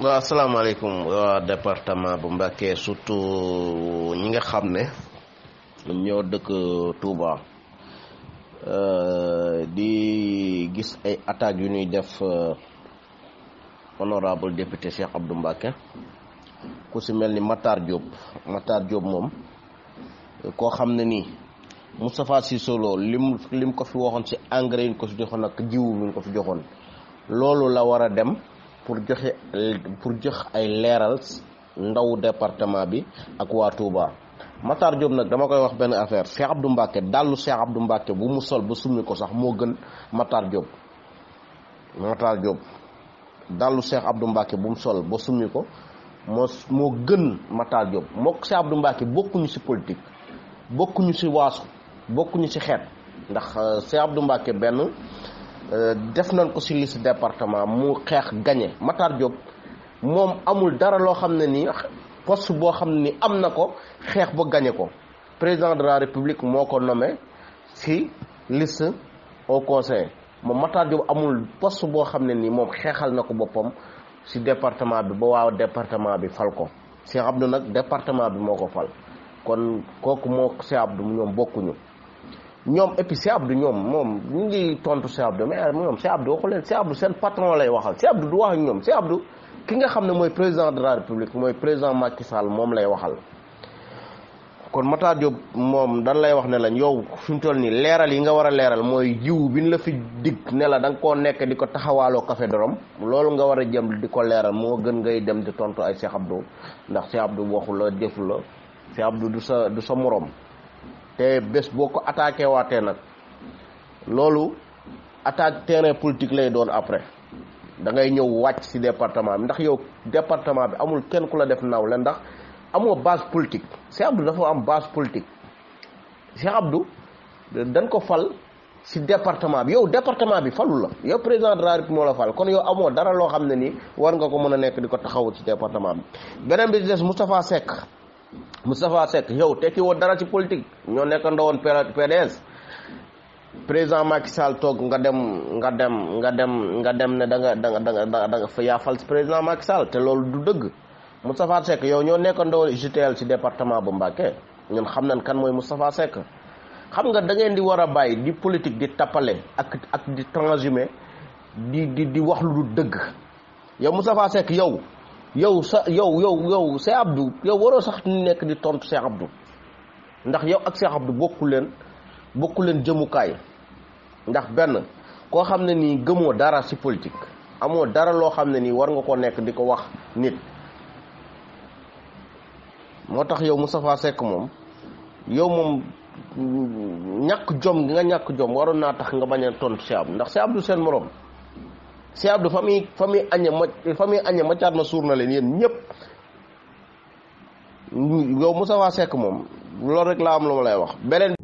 waaw asalaamaaleykum waa département bu Mbacké surtout ñi nga xam ne ñoo dëkk Touba euh, di gis ay attaques yu ñuy def euh, honorable député Cheikh Abdou Mbacké ku si mel ni Matar Diop Matar Diop moom koo xam ne nii Moustapha Cissé Lo lim lim ko fi waxoon si engrais yi ñu ko fi joxoon ak jiw bi ñu ko fi joxoon loolu la war a dem. pour joxe pour jox ay leeral ndaw département bi ak waa Touba Matar Diop nag dama koy wax benn affaire seex Abdou Mbacke dàllu Cheikh Abdou Mbacke bu mu sol ba summi ko sax moo gën Matar Diop Matar Diop dàllu Cheikh Abdou Mbacke bu mu sol ba summi ko moo moo gën Matar Diop mook Cheikh Abdou Mbacke bokkuñu ci politique bokkuñu ci waasu bokkuñu ci xeet ndax euh, Cheikh Abdou Mbacke benn Euh, def nañ ko ci liste département mu xeex gañe Matar Diop moom amul dara loo xam ne nii poste boo xam ne ni am na ko xeex ba gañe ko président de la république moo ko nommé ci list au conseil moom Matar Diop amul post boo xam ne nii moom xeexal na ko boppam ci département bi ba waaw département bi fal ko Cheikh Abdou nag département bi moo ko fal kon kooku moo Cheikh Abdou ñoom bokkuñu ñoom et puis Abdou ñoom moom ñu ngi tontu Cheikh Abdou mais ñoom Cheikh Abdou waxu leen Cheikh Abdou seen patron lay waxal Cheikh Abdou du wax ak ñoom Cheikh Abdou ki nga xam ne mooy président de la république mooy président Macky Sall moom lay waxal. kon Matar Diop moom dan lay wax ne lañ yow fi mu toll nii leeral yi nga war a leeral mooy jiw bi ñu la fi dig ne la da nekk di ko taxawaaloo kafe dorom loolu nga war a jëm di ko leeral moo gën ngay dem di tontu ay Cheikh Abdou ndax Cheikh Abdou waxu la defu la Cheikh Abdou du sa du sa moroom te bés boo ko attaqué waatee nag loolu attaque terrain politique lay doon après da ngay ñëw wàcc ci département bi ndax yow département bi amul kenn ku la def naw la ndax amoo base politique Cheikh Abdou dafa am base politique Cheikh Abdou dañ ko fal ci département bi yow département bi falu la yow président de la République moo la fal kon yow amoo dara loo xam ne nii war nga ko mën a nekk di ko taxawu ci département bi beneen bi des Moustapha Seck mu Moustapha Seck yow tekki woo dara ci politique ñoo nekk ndawoon PDS président Macky Sall toog nga dem nga dem nga dem nga dem ne danga nga da danga da nga fa yaa fal président Macky Sall te loolu du dëgg mu Moustapha Seck yow ñoo nekk ndawoon JTL ci département bu Mbacké ñun xam nañ kan mooy Moustapha Seck xam nga da ngeen di war a bàyyi di politique di tappale ak ak di transhumer di di di wax lu du dëgg yow Moustapha Seck yow yow sa yow yow yow Cheikh Abdou yow waroo sax ñu nekk di tontu Cheikh Abdou ndax yow ak Cheikh Abdou bokku leen bokku leen jëmukaay ndax benn koo xam ne nii gëmoo dara si politik amoo dara loo xam ne nii war nga ko nekk di ko wax nit moo tax yow Moustapha Seck moom yow moom ñàkk jom nga ñàkk jom waroon naa tax nga bañ a tontu Cheikh Abdou ndax Cheikh Abdou seen morom si Abdou famille muy fa añe ma fa muy añe ma caat ma suur na leen yéen ñëpp yow Moustapha Seck moom loolu rek laa am lu ma lay wax beneen